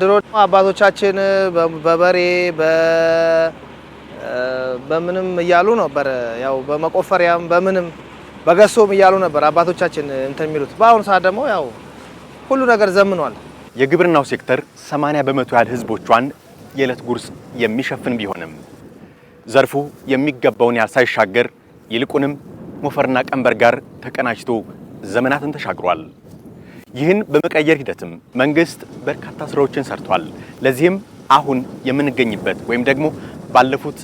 ድሮ አባቶቻችን በበሬ በምንም እያሉ ነበር፣ ያው በመቆፈሪያም በምንም በገሶም እያሉ ነበር አባቶቻችን እንትን የሚሉት። በአሁኑ ሰዓት ደግሞ ያው ሁሉ ነገር ዘምኗል። የግብርናው ሴክተር 80 በመቶ ያህል ህዝቦቿን የዕለት ጉርስ የሚሸፍን ቢሆንም ዘርፉ የሚገባውን ያህል ሳይሻገር ይልቁንም ሞፈርና ቀንበር ጋር ተቀናጅቶ ዘመናትን ተሻግሯል። ይህን በመቀየር ሂደትም መንግስት በርካታ ስራዎችን ሰርቷል። ለዚህም አሁን የምንገኝበት ወይም ደግሞ ባለፉት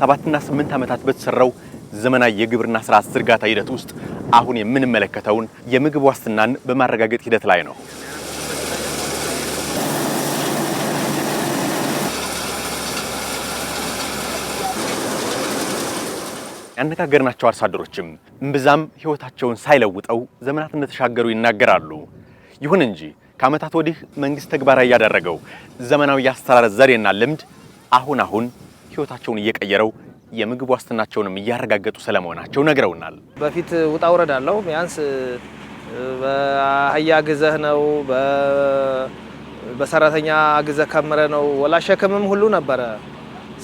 ሰባትና ስምንት ዓመታት በተሰራው ዘመናዊ የግብርና ስርዓት ዝርጋታ ሂደት ውስጥ አሁን የምንመለከተውን የምግብ ዋስትናን በማረጋገጥ ሂደት ላይ ነው። ያነጋገርናቸው አርሶ አደሮችም እምብዛም ህይወታቸውን ሳይለውጠው ዘመናት እንደተሻገሩ ይናገራሉ። ይሁን እንጂ ከዓመታት ወዲህ መንግስት ተግባራዊ ያደረገው ዘመናዊ የአስተራረስ ዘዴና ልምድ አሁን አሁን ህይወታቸውን እየቀየረው የምግብ ዋስትናቸውንም እያረጋገጡ ስለመሆናቸው ነግረውናል። በፊት ውጣ ውረድ አለው። ቢያንስ በአህያ ግዘህ ነው፣ በሰራተኛ ግዘህ ከምረ ነው፣ ወላ ሸክምም ሁሉ ነበረ።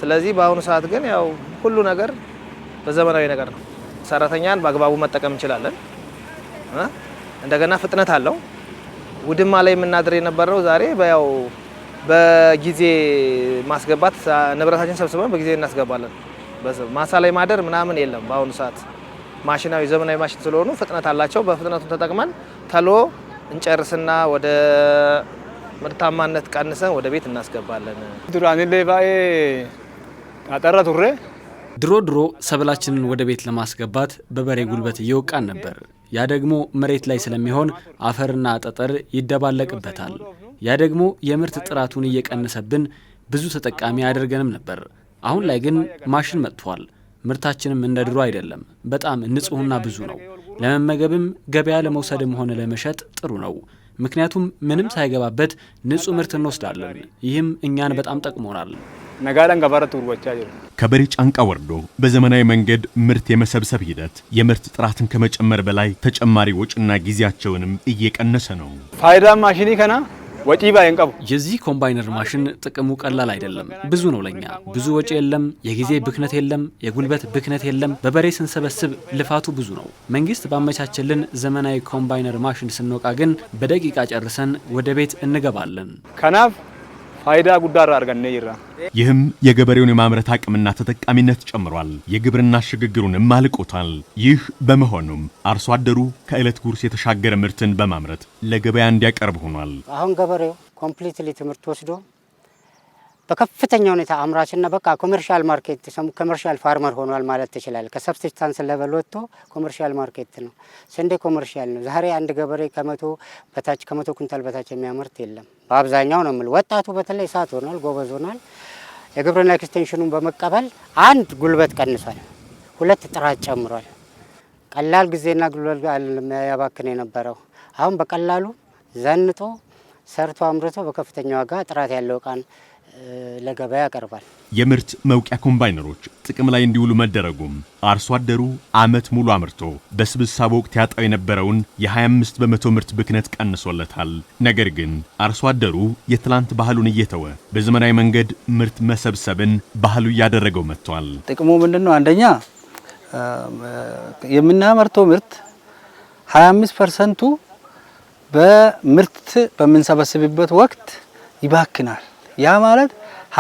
ስለዚህ በአሁኑ ሰዓት ግን ያው ሁሉ ነገር በዘመናዊ ነገር ነው። ሰራተኛን በአግባቡ መጠቀም እንችላለን። እንደገና ፍጥነት አለው። ውድማ ላይ የምናድር የነበረው ዛሬ ያው በጊዜ ማስገባት ንብረታችን ሰብስበን በጊዜ እናስገባለን። ማሳ ላይ ማደር ምናምን የለም። በአሁኑ ሰዓት ማሽናዊ ዘመናዊ ማሽን ስለሆኑ ፍጥነት አላቸው። በፍጥነቱን ተጠቅመን ተሎ እንጨርስና ወደ ምርታማነት ቀንሰን ወደ ቤት እናስገባለን። ዱራኔ ሌባኤ አጠራ ቱሬ ድሮ ድሮ ሰብላችንን ወደ ቤት ለማስገባት በበሬ ጉልበት እየወቃን ነበር። ያ ደግሞ መሬት ላይ ስለሚሆን አፈርና ጠጠር ይደባለቅበታል። ያ ደግሞ የምርት ጥራቱን እየቀነሰብን ብዙ ተጠቃሚ አያደርገንም ነበር። አሁን ላይ ግን ማሽን መጥቷል። ምርታችንም እንደ ድሮ አይደለም። በጣም ንጹህና ብዙ ነው። ለመመገብም ገበያ ለመውሰድም ሆነ ለመሸጥ ጥሩ ነው። ምክንያቱም ምንም ሳይገባበት ንጹህ ምርት እንወስዳለን። ይህም እኛን በጣም ጠቅሞናል። ነጋዳን ገባረ ትውርወቻ ጅሩ ከበሬ ጫንቃ ወርዶ በዘመናዊ መንገድ ምርት የመሰብሰብ ሂደት የምርት ጥራትን ከመጨመር በላይ ተጨማሪ ወጭና ጊዜያቸውንም እየቀነሰ ነው። ፋይዳ ማሽኒ ከና ወጪ ባይን የዚህ ኮምባይነር ማሽን ጥቅሙ ቀላል አይደለም፣ ብዙ ነው። ለኛ ብዙ ወጪ የለም፣ የጊዜ ብክነት የለም፣ የጉልበት ብክነት የለም። በበሬ ስንሰበስብ ልፋቱ ብዙ ነው። መንግስት ባመቻቸልን ዘመናዊ ኮምባይነር ማሽን ስንወቃ ግን በደቂቃ ጨርሰን ወደ ቤት እንገባለን። ከናፍ ፋይዳ ጉዳራ አርገነ ይራ ይህም የገበሬውን የማምረት አቅምና ተጠቃሚነት ጨምሯል፣ የግብርና ሽግግሩንም አልቆታል። ይህ በመሆኑም አርሶ አደሩ ከዕለት ጉርስ የተሻገረ ምርትን በማምረት ለገበያ እንዲያቀርብ ሆኗል። አሁን ገበሬው ኮምፕሊትሊ ትምህርት ወስዶ በከፍተኛ ሁኔታ አምራችና በቃ ኮመርሻል ማርኬት ኮመርሻል ፋርመር ሆኗል ማለት ትችላል። ከሰብስታንስ ለበል ወጥቶ ኮመርሻል ማርኬት ነው። ስንዴ ኮመርሻል ነው። ዛሬ አንድ ገበሬ ከመቶ በታች ከመቶ ኩንታል በታች የሚያመርት የለም። በአብዛኛው ነው የምል። ወጣቱ በተለይ እሳት ሆኗል፣ ጎበዝ ሆኗል። የግብርና ኤክስቴንሽኑን በመቀበል አንድ ጉልበት ቀንሷል፣ ሁለት ጥራት ጨምሯል። ቀላል ጊዜና ጉልበት ያባክን የነበረው አሁን በቀላሉ ዘንጦ ሰርቶ አምርቶ በከፍተኛ ዋጋ ጥራት ያለው ቃን ለገበያ ያቀርባል። የምርት መውቂያ ኮምባይነሮች ጥቅም ላይ እንዲውሉ መደረጉም አርሶ አደሩ ዓመት ሙሉ አምርቶ በስብሳብ ወቅት ያጣው የነበረውን የ25 በመቶ ምርት ብክነት ቀንሶለታል። ነገር ግን አርሶ አደሩ የትላንት ባህሉን እየተወ በዘመናዊ መንገድ ምርት መሰብሰብን ባህሉ እያደረገው መጥቷል። ጥቅሙ ምንድን ነው? አንደኛ የምናመርተው ምርት 25 ፐርሰንቱ በምርት በምንሰበስብበት ወቅት ይባክናል። ያ ማለት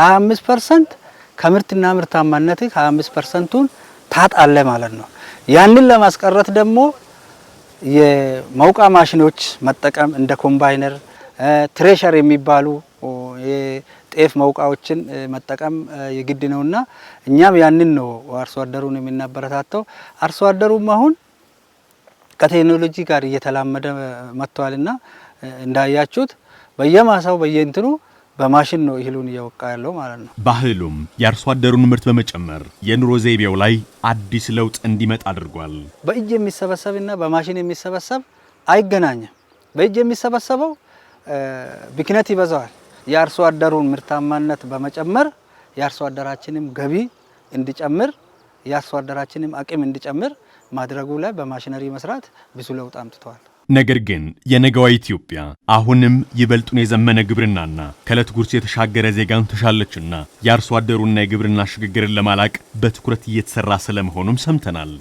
25 ፐርሰንት ከምርትና ምርታማነት 25 ፐርሰንቱን ታጣለ ማለት ነው። ያንን ለማስቀረት ደግሞ የመውቃ ማሽኖች መጠቀም እንደ ኮምባይነር፣ ትሬሸር የሚባሉ የጤፍ መውቃዎችን መጠቀም የግድ ነውና እኛም ያንን ነው አርሶ አደሩን የምናበረታተው። አርሶ አደሩም አሁን ከቴክኖሎጂ ጋር እየተላመደ መጥቷልና እንዳያችሁት በየማሳው በየእንትኑ በማሽን ነው እህሉን እየወቃ ያለው ማለት ነው። ባህሉም የአርሶ አደሩን ምርት በመጨመር የኑሮ ዘይቤው ላይ አዲስ ለውጥ እንዲመጣ አድርጓል። በእጅ የሚሰበሰብና በማሽን የሚሰበሰብ አይገናኝም። በእጅ የሚሰበሰበው ብክነት ይበዛዋል። የአርሶ አደሩን ምርታማነት በመጨመር የአርሶ አደራችንም ገቢ እንዲጨምር የአርሶ አደራችንም አቅም እንዲጨምር ማድረጉ ላይ በማሽነሪ መስራት ብዙ ለውጥ አምጥተዋል። ነገር ግን የነገዋ ኢትዮጵያ አሁንም ይበልጡን የዘመነ ግብርናና ከዕለት ጉርስ የተሻገረ ዜጋን ትሻለችና የአርሶ አደሩና የግብርና ሽግግርን ለማላቅ በትኩረት እየተሰራ ስለመሆኑም ሰምተናል።